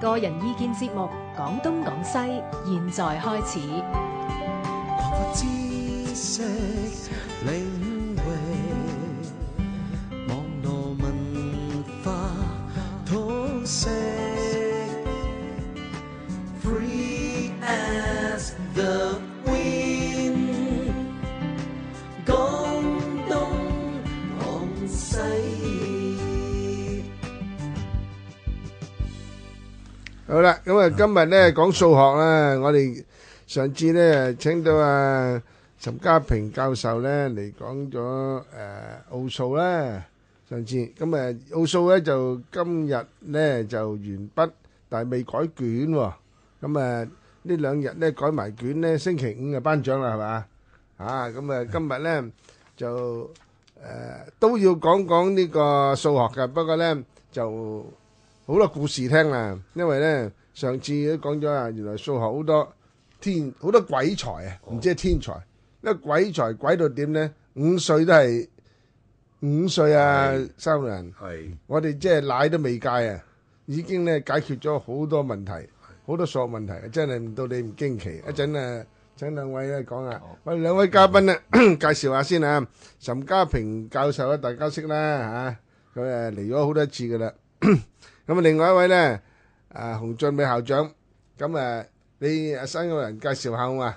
個人意見節目，講東講西，現在開始。咁啊，今日咧講數學啦，我哋上次咧請到啊岑嘉評教授咧嚟講咗誒奧數啦。上次咁啊奧數咧就今日咧就完畢，但係未改卷。咁啊呢兩日咧改埋卷咧，星期五就頒獎啦，係嘛啊？咁啊今日咧就誒都要講講呢個數學噶，不過咧就好多故事聽啦，因為咧。上次都講咗啊，原來數學好多天好多鬼才啊，唔、oh，知係天才，呢鬼才鬼到點咧？五歲都係五歲啊，Yes. 三個人，Yes. 我哋即係奶都未戒啊，已經咧解決咗好多問題，好多數學問題，真係唔到你唔驚奇。一陣誒請兩位咧講啊，喂、oh. 兩位嘉賓咧、oh， 介紹下先啊，岑嘉評教授啊大家識啦嚇，佢誒嚟咗好多次噶啦，咁啊 另外一位咧。啊，洪進美校長，咁誒，你阿生個人介紹下好嘛？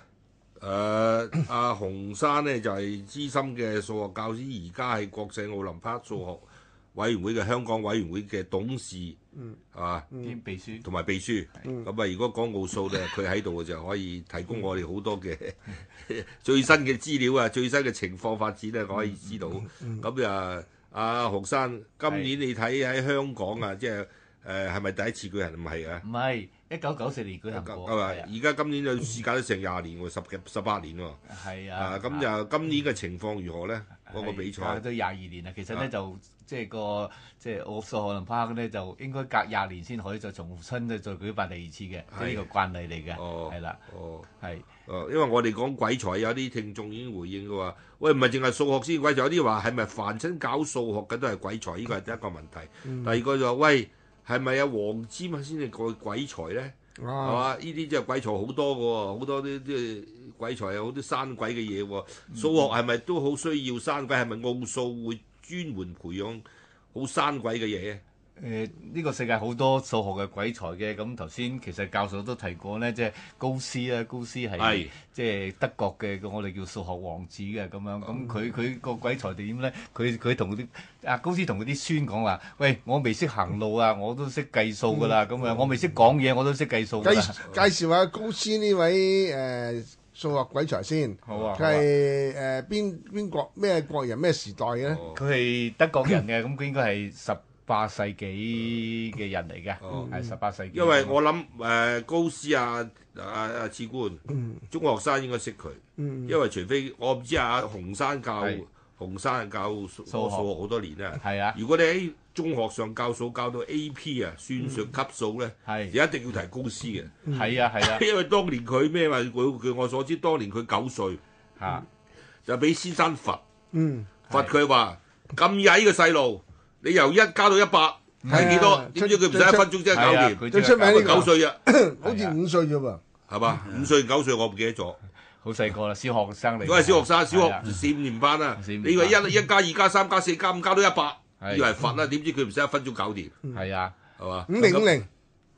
誒、呃，阿洪生咧就係資深嘅數學教師，而家係國際奧林匹數學委員會嘅香港委員會嘅董事，係嘛？兼秘書同埋秘書，咁啊，如果講奧數咧，佢喺度就可以提供我哋好多嘅最新嘅資料啊，最新嘅情況發展啊，我可以知道。咁啊，阿洪生，今年你睇喺香港啊，即係～誒，係咪第一次舉行？唔係啊，唔係，一九九四年舉行，而家今年就時間都成廿年喎，十十八年喎。係啊。咁就今年嘅情況如何咧？嗰個比賽都廿二年啦。其實咧就即係個即係奧數奧林匹克咧，就應該隔廿年先可以再重新再舉辦第二次嘅。呢個慣例嚟嘅。哦。係啦。哦。係。因為我哋講鬼才有啲聽眾已經回應嘅話，喂，唔係淨係數學先鬼才，有啲話係咪凡親搞數學嘅都係鬼才？呢個係第一個問題。第二個就話喂，係咪啊？黃霑先至係個鬼才咧，係嘛 Wow.？呢啲即係鬼才好多嘅喎、哦，好多啲啲鬼才有好多生鬼嘅嘢喎。數學係咪都好需要生鬼？係咪奧數會專門培養好生鬼嘅嘢？誒呢個世界好多數學嘅鬼才嘅，咁頭先其實教授都提過呢，即係高斯啊，高斯係即係德國嘅，我哋叫數學王子嘅咁樣。咁佢佢個鬼才點咧？佢佢同啲阿高斯同佢啲孫講話：喂，我未識行路啊，我都識計數噶啦。咁啊，我未識講嘢，我都識計數啦。介紹下高斯呢位誒數學鬼才先。好啊。佢係誒邊邊國咩國人，咩時代嘅？佢係德國人嘅，咁佢應該係十。八世紀嘅人嚟嘅，係十八世紀。因為我諗誒，高斯啊啊啊，次官，中學生應該識佢，因為除非我唔知啊，洪山教洪山教數學好多年啦。係啊！如果你喺中學上教數教到 AP 啊，算術級數咧，係一定要提高斯嘅。係啊係啊，因為當年佢咩話？據我所知，當年佢九歲，吓就俾先生罰，罰佢話咁曳嘅細路。你由一加到一百，係幾多？點知佢唔使一分鐘，即係搞掂。最出名呢九歲啊，好似五歲啫嘛，係嘛？五歲九歲，我唔記得咗，好細個啦，小學生嚟。如果係小學生，小學四五年班啦。你以為一一加二加三加四加五加到一百，以為佛啦，點知佢唔使一分鐘搞掂。係啊，係嘛？五零五零。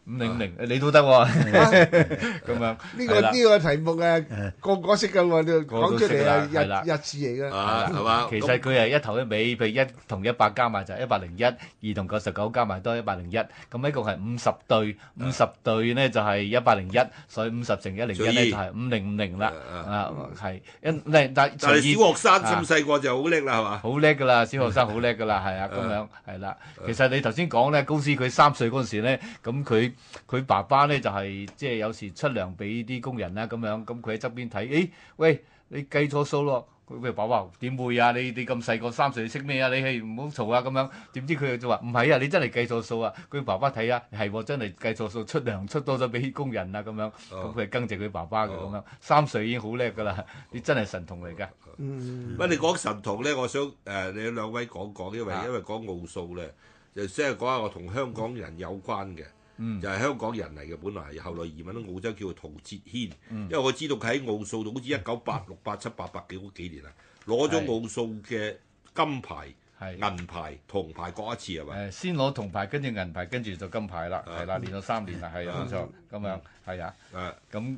五零五零，你都得喎，咁樣呢個呢個題目啊，個個識噶喎，講出嚟啊日日字嚟噶，係嘛？其實佢係一頭一尾，譬如，一同一百加埋就係一百零一，二同九十九加埋都一百零一，咁一共係五十對，五十對咧就係一百零一，所以五十乘一百零一咧就係五零五零啦，啊係，一叻但係小學生咁細個就好叻啦，係嘛？好叻噶啦，小學生好叻噶啦，係啊，咁樣係啦。其實你頭先講咧，高斯佢三歲嗰陣時咧，咁佢。佢爸爸咧就係即係有時出糧俾啲工人啦咁樣，咁佢喺側邊睇，誒喂，你計錯數咯！佢爸爸點會啊？你你咁細個三歲識咩啊？你係唔好嘈啊！咁樣點知佢就話唔係啊，你真係計錯數啊！佢爸爸睇下係喎，真係計錯數，出糧出多咗俾工人啦咁樣，咁佢係更正佢爸爸嘅咁樣。三歲已經好叻噶啦，你真係神童嚟噶。喂，你講神童咧，我想誒你兩位講講，因為因為講奧數咧，就即係講下我同香港人有關嘅。嗯，就係香港人嚟嘅，本來係後來移民到澳洲，叫做陶哲軒。因為我知道佢喺奧數度好似一九八六、八七、八八幾嗰年啊，攞咗奧數嘅金牌、銀牌、銅牌各一次係嘛？誒，先攞銅牌，跟住銀牌，跟住就金牌啦。係啦，練咗三年啊，係啊，冇錯，咁樣係啊。誒，咁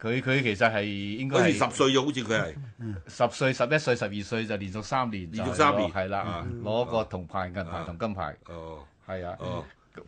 佢佢其實係應該好似十歲啊，好似佢係。十歲、十一歲、十二歲就連續三年。連續三年。係啦，攞過銅牌、銀牌同金牌。哦，係啊。哦。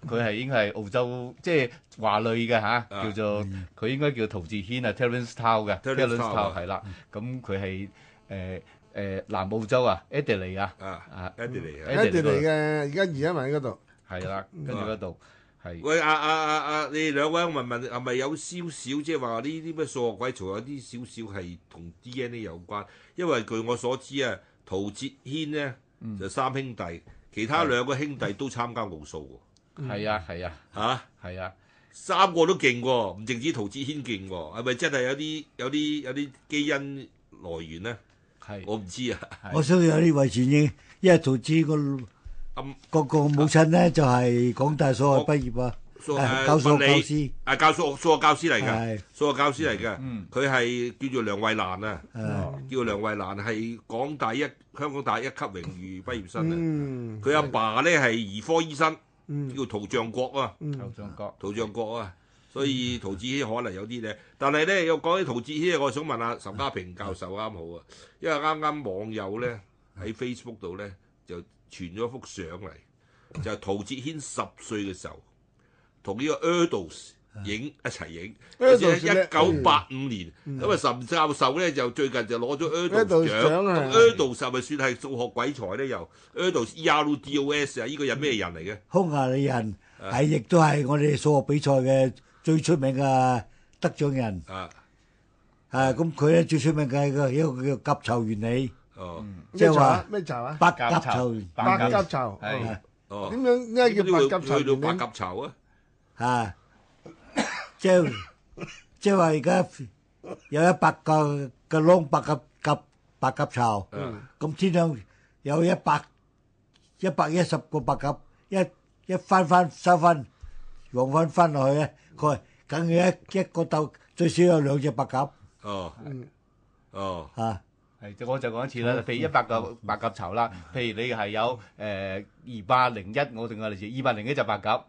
佢係應該係澳洲即係華裔嘅嚇，叫做佢應該叫陶哲軒啊，Terence Tao 嘅 Terence Tao 係啦。咁佢係誒誒南澳洲啊，Adelaide 啊啊 Adelaide，Adelaide 嘅而家而家咪喺嗰度係啦，跟住嗰度係喂啊啊啊，阿，你哋兩位問問係咪有少少即係話呢啲咩數學鬼才仲有啲少少係同 D N A 有關？因為據我所知啊，陶哲軒咧就三兄弟，其他兩個兄弟都參加奧數喎。係啊係啊嚇，係啊三個都勁喎，唔淨止陶子軒勁喎，係咪真係有啲有啲有啲基因來源咧？係我唔知啊。我相信有啲遺傳應，因為陶子個個個母親咧就係港大數學畢業啊，數學教師啊，教數數學教師嚟嘅，數學教師嚟嘅。佢係叫做梁慧蘭啊，叫梁慧蘭係港大一香港大一級榮譽畢業生啊。佢阿爸咧係兒科醫生。嗯，叫陶像國啊，陶像國，陶像國啊，嗯、所以陶哲軒可能有啲嘅，但係咧又講起陶哲軒，我想問下岑嘉評教授啱好啊，因為啱啱網友咧喺 Facebook 度咧就傳咗一幅相嚟，就係、是、陶哲軒十歲嘅時候同呢個 Erdos。影一齊影，好似一九八五年咁啊！岑教授咧就最近就攞咗 Erdos 獎，咁 Erdos 就咪算係數學鬼才咧？又 Erdos 啊！呢個又咩人嚟嘅？匈牙利人係亦都係我哋數學比賽嘅最出名嘅得獎人啊！啊，咁佢咧最出名嘅一個叫鴿巢原理，即係話咩巢啊？白鴿巢，白鴿巢，係哦，點樣？點解叫白鴿巢原理？點解叫白鴿巢啊？啊！即係，即係話而家有一百個個窿，白鴿，白鴿巢。咁天上有一百一百一十個白鴿，一一翻翻收翻往翻翻落去咧，佢梗係一一個斗最少有兩隻白鴿。哦、oh. oh. 啊，哦，吓。誒，我就講一次啦。譬如一百個白鴿巢啦，譬如你係有誒二百零一，呃、1，我仲有例子，二百零一隻白鴿。咁、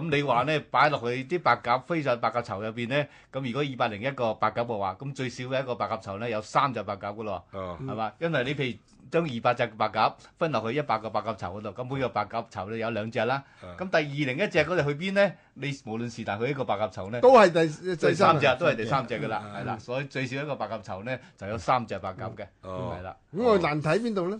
嗯、你話咧，擺落去啲白鴿飛上白鴿巢入邊咧，咁如果二百零一個白鴿嘅話，咁最少一個白鴿巢咧有三隻白鴿嘅咯。哦、嗯，係嘛？因為你譬如。將二百隻白鴿分落去一百個白鴿巢嗰度，咁每個白鴿巢咧有兩隻啦。咁、嗯、第二零一隻嗰隻去邊咧？你無論是但是去一個白鴿巢咧，都係第，第三隻，都係第三隻噶啦，係啦的。嗯、所以最少一個白鴿巢咧就有三隻白鴿嘅，係啦。咁我難睇邊度咧？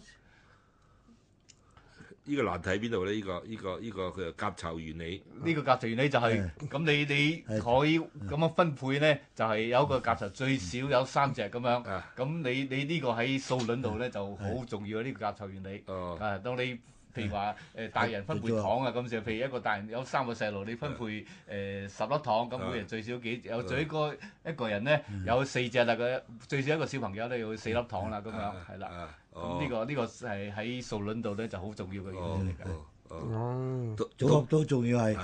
呢個難題喺邊度咧？呢個呢個呢個佢就夾籌原理。呢個夾籌原理就係，咁你你可以咁樣分配咧，就係有一個夾籌最少有三隻咁樣。咁你你呢個喺數論度咧就好重要呢個夾籌原理。哦。啊，當你譬如話誒大人分配糖啊，咁就譬如一個大人有三個細路，你分配誒十粒糖，咁每人最少幾隻？有最個一個人咧有四隻啦，個最少一個小朋友都要四粒糖啦，咁樣係啦。呢、哦、個呢個係喺數論度咧就好重要嘅原因嚟嘅，哦，數、哦哦、都重要係，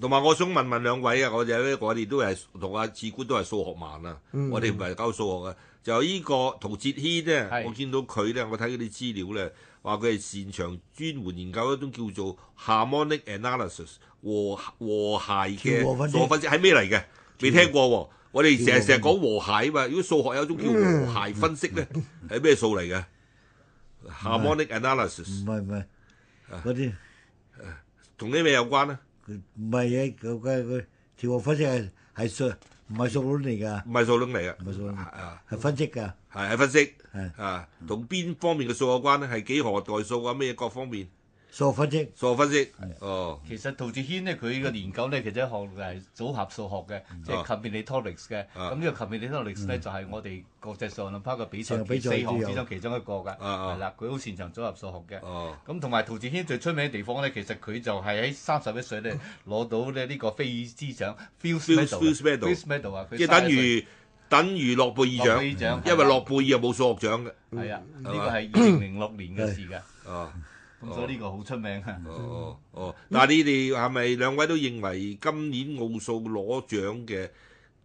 同埋、哎嗯、我想問問兩位啊，我哋咧，我哋都係同阿志官都係數學盲啊，嗯、我哋唔係教數學嘅、啊，就個陶呢個陶哲軒咧，我見到佢咧，我睇嗰啲資料咧，話佢係擅長專門研究一種叫做 harmonic analysis 和和諧嘅數分析，係咩嚟嘅？未聽過、啊，我哋成日成日講和諧嘛，如果數學有一種叫和諧分析咧，係咩數嚟嘅？Harmonic analysis 唔係唔係嗰啲，同啲咩有關佢、啊，唔係嘅，佢佢數學分析係係數，唔係數論嚟㗎。唔係數論嚟㗎，唔係數論啊，係分析㗎。係係分析，係是啊，同邊是、嗯、方面嘅數有關咧？係幾何代數啊，咩各方面？數學分析，數學分析，哦。其實陶哲軒呢，佢嘅研究呢，其實一項係組合數學嘅，即係 combinatorics 嘅。咁呢個 combinatorics 咧，就係我哋國際上論派嘅比賽嘅四項之中其中一個㗎。係啦，佢好擅長組合數學嘅。咁同埋陶哲軒最出名嘅地方咧，其實佢就係喺三十一歲咧攞到咧呢個菲爾茲獎 （Fields Medal）。即係等於等於諾貝爾獎，因為諾貝爾又冇數學獎嘅。係啊，呢個係二零零六年嘅事㗎。所以呢個好出名啊！哦哦，但係你哋係咪兩位都認為今年奧數攞獎嘅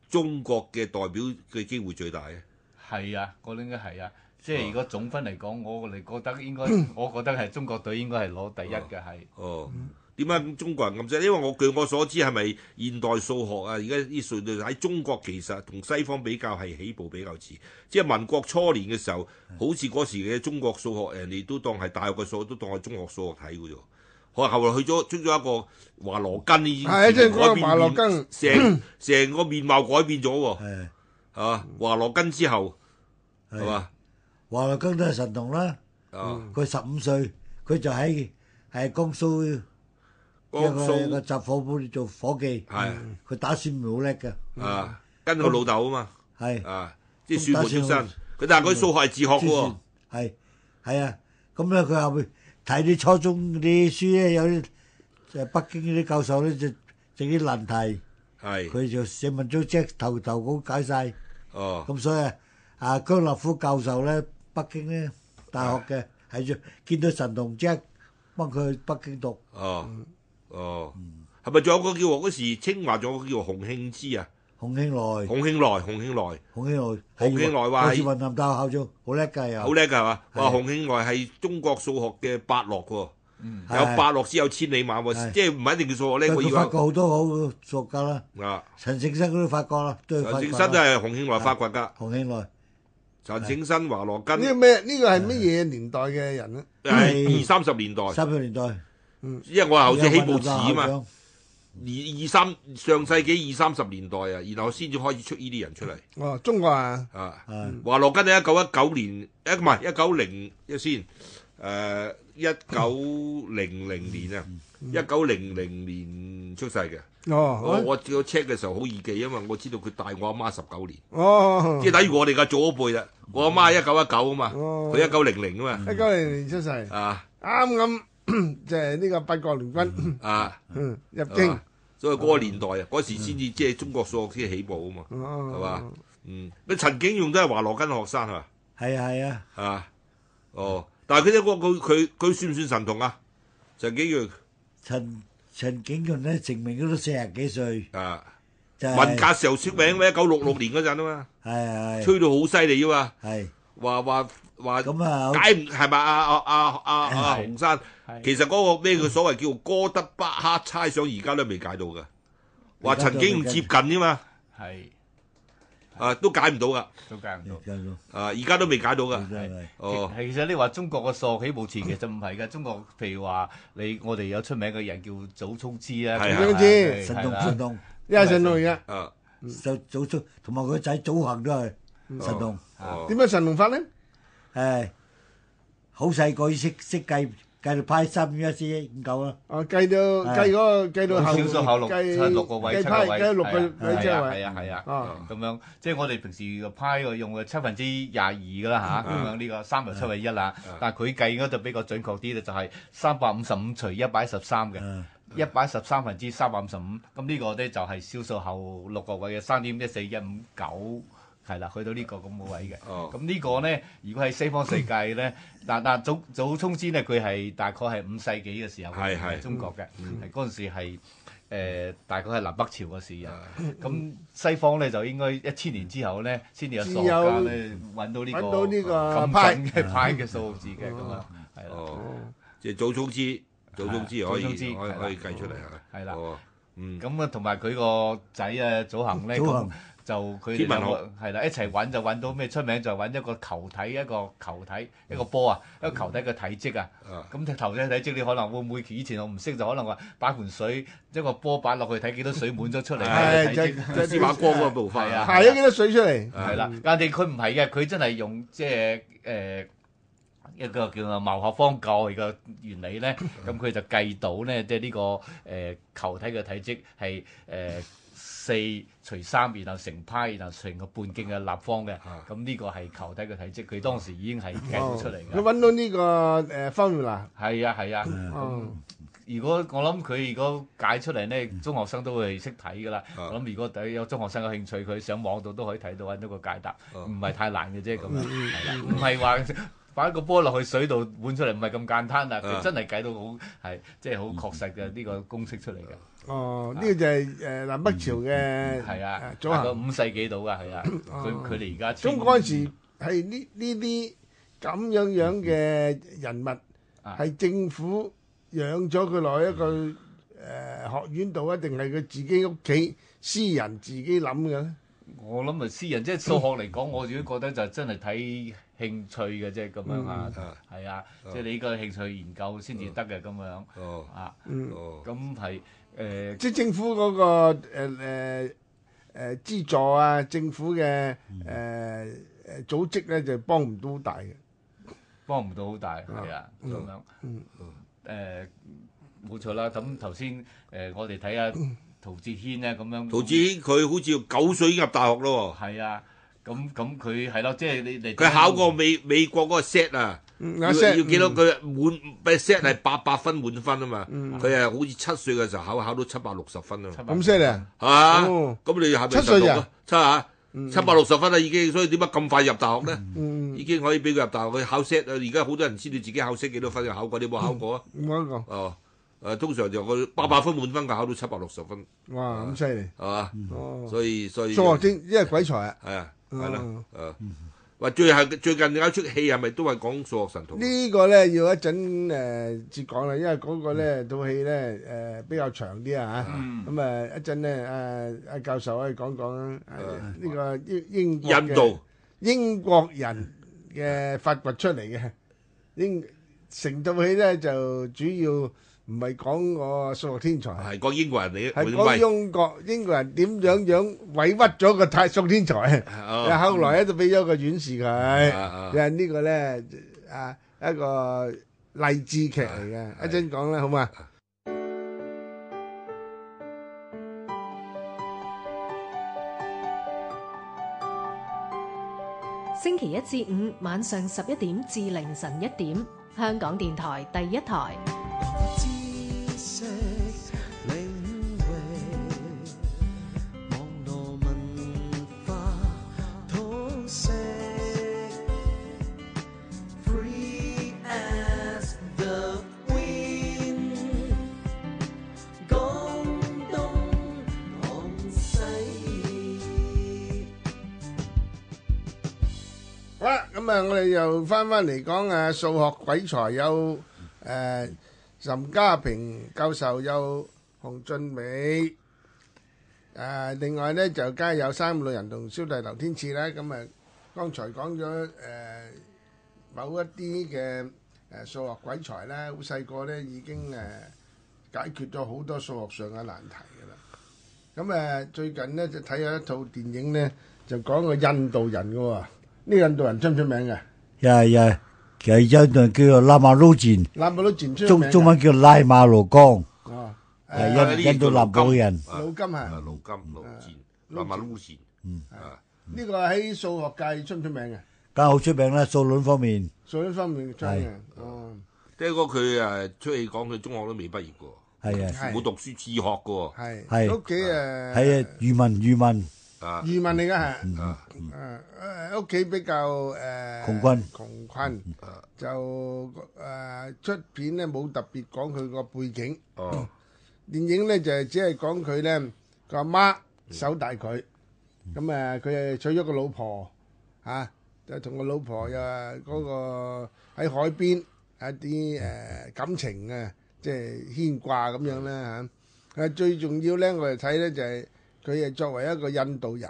中國嘅代表嘅機會最大咧？係啊，我覺得應該係啊，即係如果總分嚟講，我哋覺得應該，我覺得係中國隊應該係攞第一嘅，係。Oh, oh. 點解中國人咁犀？因為我據我所知係咪現代數學啊？而家啲數學喺中國其實同西方比較係起步比較遲。即係民國初年嘅時候，好似嗰時嘅中國數學，人哋都當係大學嘅數學，都當係中學數學睇㗎啫。可能後來去咗出咗一個華羅庚，係即係講華羅庚，成成個,個,個面貌改變咗喎。係啊，華羅庚之後係嘛？係係啊華羅庚都係神童啦。佢十五歲，佢就喺喺江蘇。個個個雜貨鋪做伙計，係佢打算唔係好叻嘅。啊，跟佢老豆啊嘛，係啊，即係算先生。佢但係佢數學係自學嘅喎。係係啊，咁咧佢後尾睇啲初中啲書咧，有啲誒北京嗰啲教授咧，整啲難題，係佢就寫文章即係頭頭咁解晒。哦，咁所以啊，姜立夫教授咧，北京咧大學嘅，係就見到神童即係幫佢去北京讀。哦。哦，係咪仲有個叫嗰時清華仲有個叫洪慶之啊？洪慶來，洪慶來，洪慶來，洪慶來，洪慶來，哇！好似雲南大學校長，好叻噶啊！好叻噶係嘛？話洪慶來係中國數學嘅伯樂，嗯，有伯樂先有千里馬，即係唔係一定叫數學叻。佢發覺好多好作家啦，啊，陳景生都發覺啦，都係陳景生都係洪慶來發掘噶。洪慶來，陳景生、華羅庚呢個咩？呢個係乜嘢年代嘅人咧？係二三十年代，三十年代。因為我話好似希布士啊嘛，二二三上世紀二三十年代啊，然後先至開始出呢啲人出嚟。哦，中國啊，啊，華羅庚，你一九一九年，誒唔係一九零一先，誒一九零零年啊，一九零零年出世嘅。哦，我我 check 嘅時候好易記，因為我知道佢大我阿媽十九年。哦，即係等於我哋嘅祖輩啊。我阿媽一九一九啊嘛，佢一九零零啊嘛。一九零零出世。啊，啱咁。即係呢個八國聯軍啊，入京，所以嗰個年代啊，嗰時先至即係中國數學先起步啊嘛，係嘛？嗯，咁陳景潤都係華羅庚嘅學生係嘛？係啊係啊，係嘛。哦，但係佢啲，個佢佢佢算唔算神童啊？陳景潤，陳陳景潤咧成名嗰都四十幾歲啊，文革時候出名咩？一九六六年嗰陣啊嘛，係係，吹到好犀利啊嘛，係，話話。話咁啊解唔係嘛？阿阿阿阿阿洪山，其實嗰個咩叫所謂叫哥德巴赫猜想，而家都未解到嘅。話曾經唔接近啫嘛。係，啊都解唔到噶。都解唔到。啊，而家都未解到噶。哦。其實你話中國個數學起冇錢嘅就唔係嘅。中國譬如話你，我哋有出名嘅人叫祖沖之啊。祖沖之。神童，神童。一係神童嚟嘅。啊。就祖沖，同埋佢仔祖恒都係神童。哦。點解神童法咧？誒，好細個已識識計計到派三點一四一五九啦。哦，計到計嗰個計到小數後，計六個位，七位，係啊係啊，咁樣即係我哋平時派個用嘅七分之廿二噶啦吓。咁樣呢個三又七位一啦。但係佢計嗰度比較準確啲咧，就係三百五十五除一百一十三嘅一百一十三分之三百五十五。咁呢個咧就係小數後六個位嘅三點一四一五九。係啦，去到呢個咁好位嘅。哦，咁呢個咧，如果喺西方世界咧，嗱嗱祖祖沖之咧，佢係大概係五世紀嘅時候，係係中國嘅，係嗰陣時係大概係南北朝嘅時日。咁西方咧就應該一千年之後咧先至有數㗎，揾到呢個近排嘅派嘅數字嘅咁啊，係啦。即係祖沖之，祖沖之可以可以可以計出嚟嚇。係啦。嗯，咁啊，同埋佢個仔啊，祖恒咧，就佢兩個係啦，一齊揾就揾到咩出名就揾一個球體，一個球體，一個波啊，一個球體嘅體積啊。咁頭先體積你可能會唔會以前我唔識，就可能話擺盆水，一個波擺落去睇幾多水滿咗出嚟，即係司馬光嗰部分啊，係啊，幾多水出嚟？係啦，但係佢唔係嘅，佢真係用即係誒。一個叫做，茅學方教嘅原理咧，咁佢就計到咧，即係呢個誒球體嘅體積係誒四除三，然後成派，然後成個半徑嘅立方嘅，咁呢個係球體嘅體積。佢當時已經係計到出嚟嘅。你揾到呢個誒方略啊？係啊係啊。如果我諗佢如果解出嚟咧，中學生都會識睇㗎啦。我諗如果有中學生嘅興趣，佢上網度都可以睇到揾到個解答，唔係太難嘅啫咁樣，係啦，唔係話。擺個波落去水度換出嚟唔係咁簡單啊！佢 Yeah. 真係計到好係即係好確實嘅呢、mm hmm. 個公式出嚟嘅。哦，呢、啊、個就係誒南北朝嘅，係、嗯嗯嗯嗯、啊，早個行、啊、五世紀到㗎係啊，佢佢哋而家。咁嗰陣時係呢呢啲咁樣樣嘅人物係、嗯嗯、政府養咗佢落去一個誒學院度啊，定係佢自己屋企私人自己諗嘅？我諗啊，私人即係數學嚟講，我自己覺得就真係睇興趣嘅啫，咁樣啊，係啊，即係你依個興趣研究先至得嘅咁樣。啊，咁係誒，即係政府嗰個誒誒誒資助啊，政府嘅誒誒組織咧就幫唔到好大嘅，幫唔到好大係啊，咁樣。誒，冇錯啦。咁頭先誒，我哋睇下。陶哲軒咧咁樣，陶哲軒佢好似要九歲已經入大學咯喎。係啊，咁咁佢係咯，即係你哋。佢考過美美國嗰個 set 啊，要要見到佢滿，set 係八百分滿分啊嘛。佢係好似七歲嘅時候考考到七百六十分啊。咁 set 啊？係嘛？咁你係咪七百六？七嚇，七百六十分啊已經，所以點解咁快入大學咧？已經可以俾佢入大學。佢考 set 啊，而家好多人知道自己考 set 幾多分就考過，你冇考過啊？冇一個。哦。誒通常就個八百分滿分，佢考到七百六十分，哇！咁犀利係嘛？哦，所以所以數學精，因為鬼才啊，係啊，係啦，誒，話最後最近有一出戲係咪都係講數學神童？呢個咧要一陣誒先講啦，因為嗰個咧套戲咧誒比較長啲啊嚇，咁誒一陣咧誒阿教授可以講講啊呢個英英國嘅印度英國人嘅發掘出嚟嘅，英成套戲咧就主要。唔係講我數學天才，係講英國人點係講英國英國人點樣樣委屈咗個太數學天才，又後來就俾咗個院士佢，又係呢個咧啊一個勵志劇嚟嘅，一陣講啦好嘛？星期一至五晚上十一點至凌晨一點，香港電台第一台。我哋又翻翻嚟講啊，數學鬼才有誒，岑嘉評教授、有洪進美，誒，另外咧就梗係有三個人同小弟劉天賜咧。咁啊，剛才講咗誒，某一啲嘅誒數學鬼才咧，好細個咧已經誒解決咗好多數學上嘅難題噶啦。咁誒，最近咧就睇咗一套電影咧，就講個印度人嘅。呢印度人出唔出名嘅，呀呀，其實印度人叫做拉馬魯箭，中中文叫拉馬洛江，係印印度南部人。魯金係，魯金魯箭拉馬魯箭。嗯，呢個喺數學界出唔出名嘅？梗係好出名啦，數論方面。數論方面真嘅。哦，爹哥佢誒出去講，佢中學都未畢業嘅，係啊，冇讀書自學嘅，係係，屋企誒係啊愚民愚民。移民嚟噶吓，誒誒，屋企比較誒，窮困，窮困，就誒出片咧冇特別講佢個背景，電影咧就係只係講佢咧個阿媽手大佢，咁啊佢係娶咗個老婆，吓，就同個老婆又嗰個喺海邊一啲誒感情啊，即係牽掛咁樣咧吓，誒最重要咧我哋睇咧就係。佢係作為一個印度人，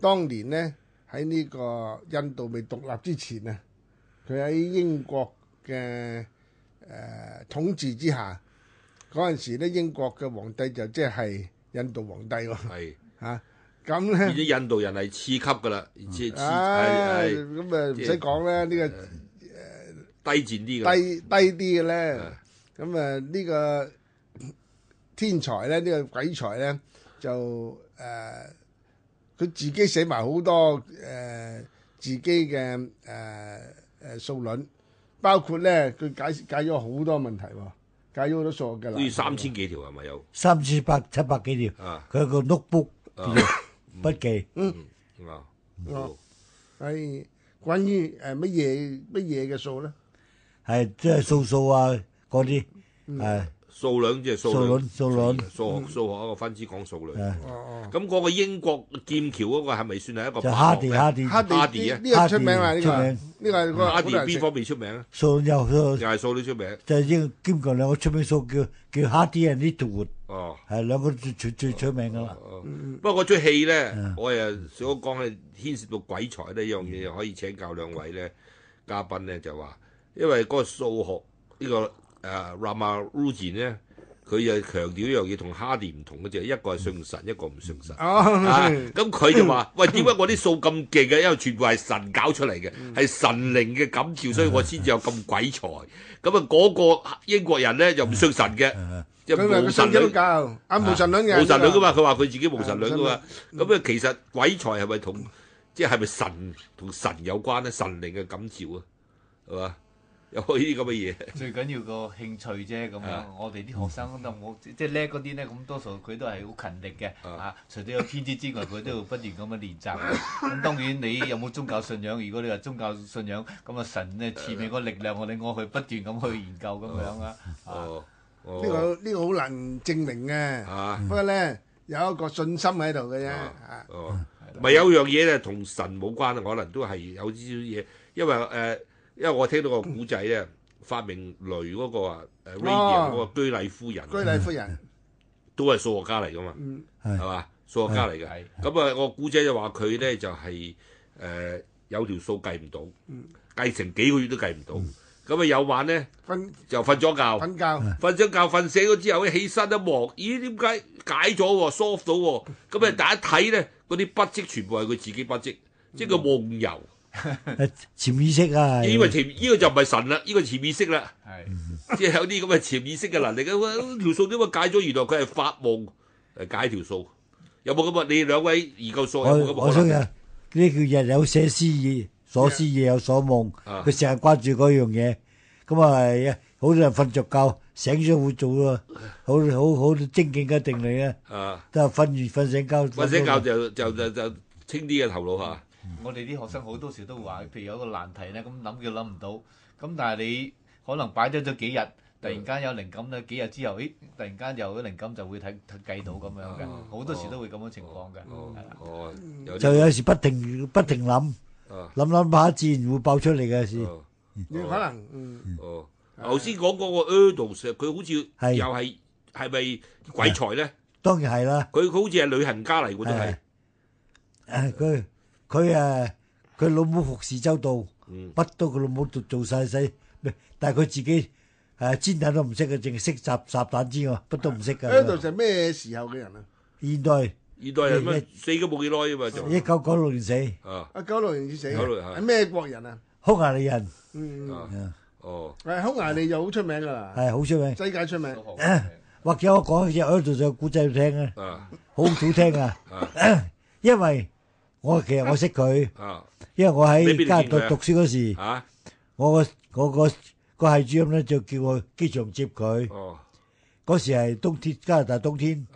當年咧喺呢個印度未獨立之前啊，佢喺英國嘅誒、呃、統治之下，嗰陣時咧英國嘅皇帝就即係印度皇帝喎。係嚇咁咧，啲印度人係次級噶啦，而且係係咁啊，唔使講啦，呢個誒低賤啲嘅，低低啲嘅咧，咁啊呢個天才咧，呢個鬼才咧。就誒，佢自己寫埋好多誒自己嘅誒誒數論，包括咧佢解解咗好多問題喎，解咗好多數嘅啦。好似三千幾條係咪有？三千八七百幾條，佢有個 notebook 筆記。嗯，哦，係關於誒乜嘢乜嘢嘅數咧？係即係數數啊嗰啲誒。數量即係數量，數論數學數學一個分支講數論。咁嗰個英國劍橋嗰個係咪算係一個數學咧？Hardy Hardy 呢個出名啊！呢個呢個個 Hardy 邊方面出名咧？數又又係數都出名，就係英劍橋兩個出名數叫叫 Hardy and Littlewood 哦，係兩個最最最出名噶啦。不過嗰出戲咧，我又想講係牽涉到鬼才呢一樣嘢，可以請教兩位咧嘉賓咧，就話因為嗰個數學呢個。誒 Ramanujan 呢？佢又強調一樣嘢同 Hardy 唔同嘅就係一個係信神，一個唔信神。哦，咁 佢樂、啊、就話：喂，點解我啲數咁勁嘅？因為全部係神搞出嚟嘅，係 神靈嘅感召，所以我先至有咁鬼才。咁啊，嗰個英國人呢又唔信神嘅，即係 無神論教。 啊，無神論人、啊、無神論噶嘛？佢話佢自己無神論噶嘛？咁啊，其實鬼才係咪同即係係咪神同神有關呢？神靈嘅感召啊，係嘛？有依啲咁嘅嘢，最緊要個興趣啫咁樣。我哋啲學生都冇，即係叻嗰啲咧，咁多數佢都係好勤力嘅嚇。啊、除咗有天資之外，佢都會不斷咁樣練習。咁當然你有冇宗教信仰？如果你話宗教信仰，咁啊神咧賜俾個力量，我哋我去不斷咁去研究咁樣啊。哦、啊，呢、啊這個呢、這個好難證明嘅。嚇、啊，不過咧有一個信心喺度嘅啫。嚇，咪有樣嘢咧同神冇關啊，可能都係有少少嘢，因為誒。啊因為我聽到個古仔咧，發明鐳嗰個啊，誒，radium 嗰個居禮夫人，居禮夫人都係數學家嚟噶嘛，嗯，係嘛，數學家嚟嘅，咁啊，我古仔就話佢咧就係誒有條數計唔到，計成幾個月都計唔到，咁啊有晚咧，瞓就瞓咗覺，瞓覺，瞓醒覺，瞓醒咗之後咧，起身一望，咦，點解解咗喎，soft 到喎，咁啊大家睇咧嗰啲筆跡全部係佢自己筆跡，即係佢夢遊。潛意識啊，因為潛呢個就唔係神啦，呢個潛意識啦，係即係有啲咁嘅潛意識嘅能力，呢條數點解解咗？原來佢係發夢嚟解條數，有冇咁啊？你兩位研究數有冇咁啊？我想呢叫日有所思，夜所思，夜有所夢，佢成日關注嗰樣嘢，咁啊，好多人瞓着覺醒咗會做咯，好好好精警嘅定理啊，啊，就瞓完瞓醒覺，瞓醒覺就就就就清啲嘅頭腦吓。我哋啲學生好多時都會話，譬如有一個難題咧，咁諗佢諗唔到，咁但係你可能擺咗咗幾日，突然間有靈感咧，幾日之後，咦，突然間有啲靈感就會睇計到咁樣嘅，好多時都會咁樣情況嘅，就有時不停不停諗，諗諗下自然會爆出嚟嘅先。你可能哦，頭先講嗰個 Erdos，佢好似又係係咪鬼才咧？當然係啦，佢好似係旅行家嚟嘅都係，誒佢。佢誒佢老母服侍周到，不都佢老母做做曬死，但係佢自己誒煎蛋都唔識嘅，淨係識烚烚蛋之外，不都唔識㗎。阿杜係咩時候嘅人啊？現代，現代係咩？死咗冇幾耐啊嘛，仲一九九六年死。啊，阿九六年死。九六年係咩國人啊？匈牙利人。嗯。啊。哦。誒，匈牙利就好出名㗎啦。係好出名。世界出名。誒，或者我講一隻阿杜嘅古仔聽啊，好好聽啊，因為。我其實我識佢，因為我喺加拿大讀書嗰時，我個我個個系主任咧就叫我機場接佢。嗰時係冬天，加拿大冬天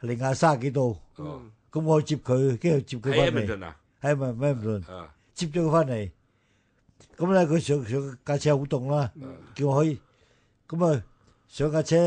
零下卅幾度，咁我去接佢，跟住接佢翻嚟。喺明頓啊？係咪咩？唔係明頓接咗佢翻嚟，咁咧佢上上架車好凍啦，叫我可以咁啊上架車。